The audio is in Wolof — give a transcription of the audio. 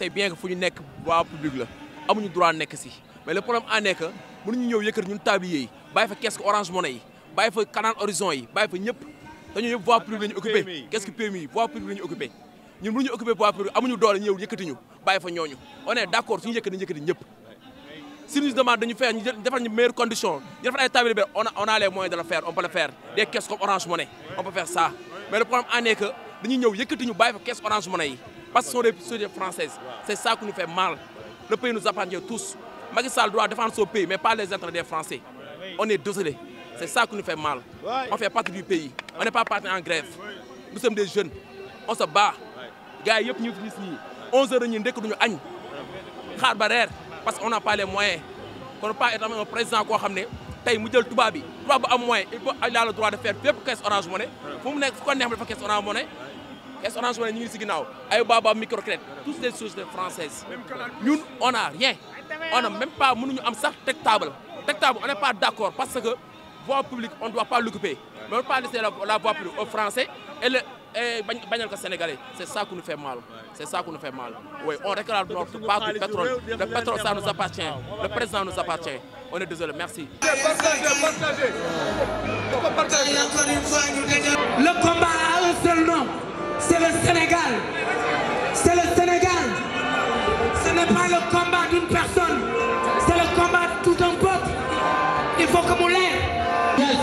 c'est bien que fu ñu nekk waa public la amuñu droit nekk si mais le problème en est que mënuñu ñëw yëkkati ñun tablier yi bàyyi fa kees orange monnaie yi bàyyi fa canal horizon yi bàyyi fa ñëpp dañu ñëpp voie publique la ñu occupé qu'est-ce que PMI yi voie publique la ñu occupé ñun mënuñu occupé voie publique amuñu doole ñëw yëkkati ñu bàyyi fa ñooñu on est d'accord suñu yëkkati yëkkati ñëpp si nous demande dañu ñu defal ñu ñu defal ay tablier bi on a on a les moyens parce que ce sont des sociétés françaises. C'est ça qui nous fait mal. Le pays nous appartient tous. Macky Sall doit son pays, mais pas les intérêts des Français. On est désolé. C'est ça qui nous fait mal. On fait partie du pays. On n'est pas parti en grève. Nous sommes des jeunes. On se bat. gars yëpp ñu ngi gis nii 11h ñun ndekk duñu añ xaar ba reer parce que on n'a pas les moyens président koo xam ne tey mu jël tubaab bi a bu il faut il a le droit de faire fépp caisse orange es Orange Money ñu ngi si ginnaaw ay Baobab microcrédit toutes les sociétés françaises ñun on a rien on a même pas mënuñu am sax teg table teg table on n'est pas d'accord parce que voie publique on doit pas l'occuper on doit pas la, la voie publique aux Français et le bañal ko Sénégalais c'est ça qui nous fait mal c'est ça qui nous fait mal oui on réclame notre part du pétrole le pétrole ça nous appartient ah, le président nous appartient on est désolé merci une personne, c'est le combat de tout un peuple. Il faut que mon l'air. Yes.